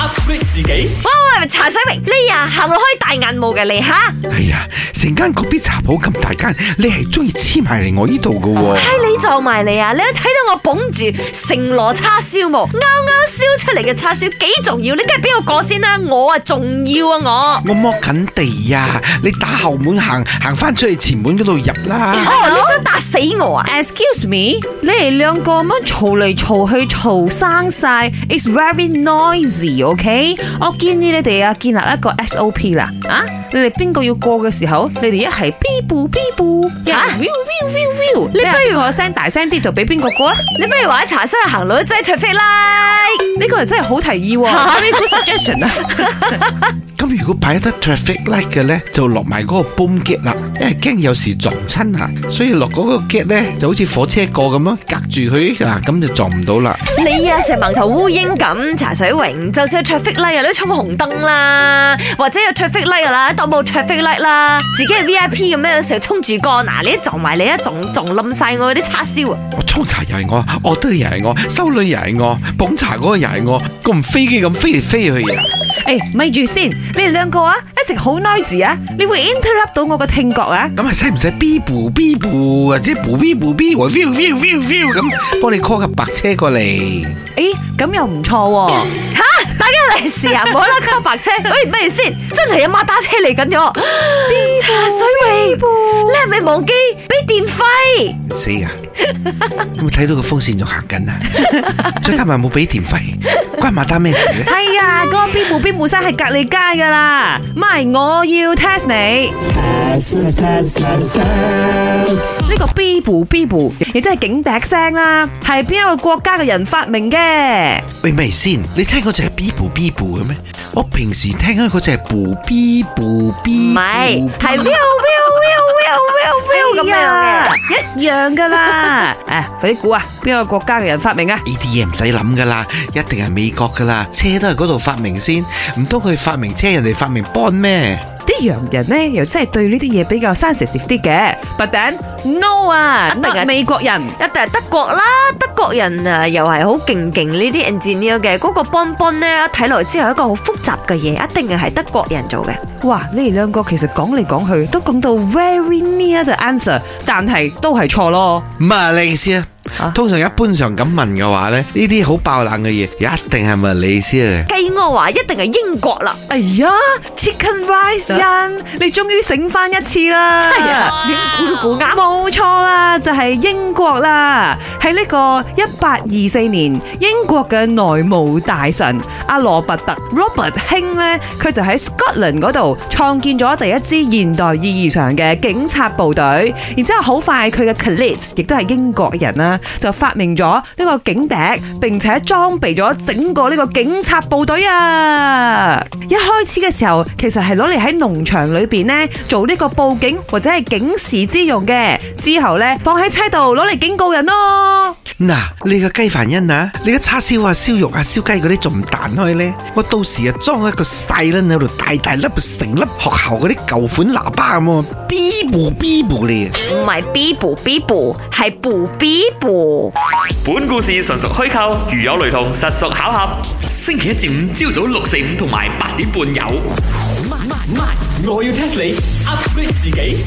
update 自己。哇喂，茶水明，你呀行落開大眼霧嘅嚟吓。係呀，成間嗰啲茶鋪咁大間，你係中意黐埋嚟我呢度噶？係你撞埋嚟啊！你睇到我捧住成籮叉燒冇，啱啱燒出嚟嘅叉燒幾重要，你梗係俾我過先啦！我啊重要啊我。我摸緊地呀，你打後門行，行翻出去前門嗰度入啦。你想打死我啊？Excuse me，你哋兩個咁樣嘈嚟嘈去嘈生晒，It's very noisy 哦。O K，我建議你哋啊建立一個 S O P 啦。啊，你哋邊個要過嘅時候，你哋一係嗶布嗶布啊，view view view view，你不如我聲大聲啲，就俾邊個過啦。你不如話喺茶室行路都擠 traffic light，呢個人真係好提議。哈，very good suggestion 啊。咁如果擺得 traffic light 嘅咧，就落埋嗰個 boom gate 啦，因為驚有時撞親啊，所以落嗰個 gate 咧就好似火車過咁樣，隔住佢啊，咁就撞唔到啦。你啊，成盲頭烏蠅咁，茶水榮就。有 traffic light，你都衝紅燈啦，或者有 traffic light 啦，當冇 traffic light 啦，自己係 VIP 咁樣，成日衝住過，嗱，你一撞埋你，一撞撞冧晒我嗰啲叉燒啊！我沖茶又係我，我都又係我，收女又係我，捧茶嗰個又係我，咁飛機咁飛嚟飛去啊！誒，咪住先，你哋兩個啊，一直好 noise 啊，你會 interrupt 到我個聽覺啊？咁係使唔使 beep beep beep 啊，或者 beep beep beep 或 vial vial vial 咁幫你 call 架白車過嚟？誒，咁又唔錯喎。嚟 時啊，冇拉卡白車，哎，不如先，真係有馬打車嚟緊咗。茶水味，ee ble, 你係咪忘記俾電費？死啊。我睇 到個風扇仲行緊啊！所以今日冇俾電費，關馬丹咩事？係啊 哎，嗰、那個 B 部 B 部聲係隔籬街噶啦，唔係我要 test 你。test test test test 呢、這個 B 部 B 部，亦真係警笛聲啦，係邊一個國家嘅人發明嘅？喂，咪先，你聽過就係、是、B 部 B 部嘅咩？我平時聽開嗰隻係 bo b bo b，唔係係 will will will will will will 咁樣嘅，一樣噶啦。誒、 啊，快啲估啊，邊個國家嘅人發明啊？呢啲嘢唔使諗噶啦，一定係美國噶啦。車都係嗰度發明先，唔通佢發明車人哋發明 b a 咩？啲洋人呢又真係對呢啲嘢比較生食啲啲嘅，不等。no 啊，肯定係美國人，一定係德國啦，德國人啊又係好勁勁呢啲 engineer 嘅，嗰個 bonbon 咧睇落之後一個好複雜嘅嘢，一定係係德國人做嘅。哇，你哋兩個其實講嚟講去都講到 very near the answer，但係都係錯咯。馬來西亞。啊、通常一般常咁問嘅話咧，呢啲好爆冷嘅嘢一定係咪你先？雞窩話一定係英國啦。哎呀，Chicken Rice 人、啊、你終於醒翻一次啦。真係是啊，哇你估估啱，冇錯。就係英國啦，喺呢個一八二四年，英國嘅內務大臣阿羅伯特 Robert 卿呢，佢就喺 Scotland 嗰度創建咗第一支現代意義上嘅警察部隊，然之後好快佢嘅 Clint 亦都係英國人啦，就發明咗呢個警笛，並且裝備咗整個呢個警察部隊啊。一開始嘅時候，其實係攞嚟喺農場裏面呢做呢個報警或者係警示之用嘅。之後呢放喺車度，攞嚟警告人咯。嗱，你個雞飯因啊，你個叉燒啊、燒肉啊、燒雞嗰啲仲唔彈開咧？我到時啊裝一個細粒喺度，大大粒成粒學校嗰啲舊款喇叭咁啊，嗶啵嗶啵你，唔係嗶啵嗶啵，係啵嗶啵。本故事純屬虛構，如有雷同，實屬巧合。星期一至五朝早六四五同埋八點半有。我要 test 你 upgrade 自己。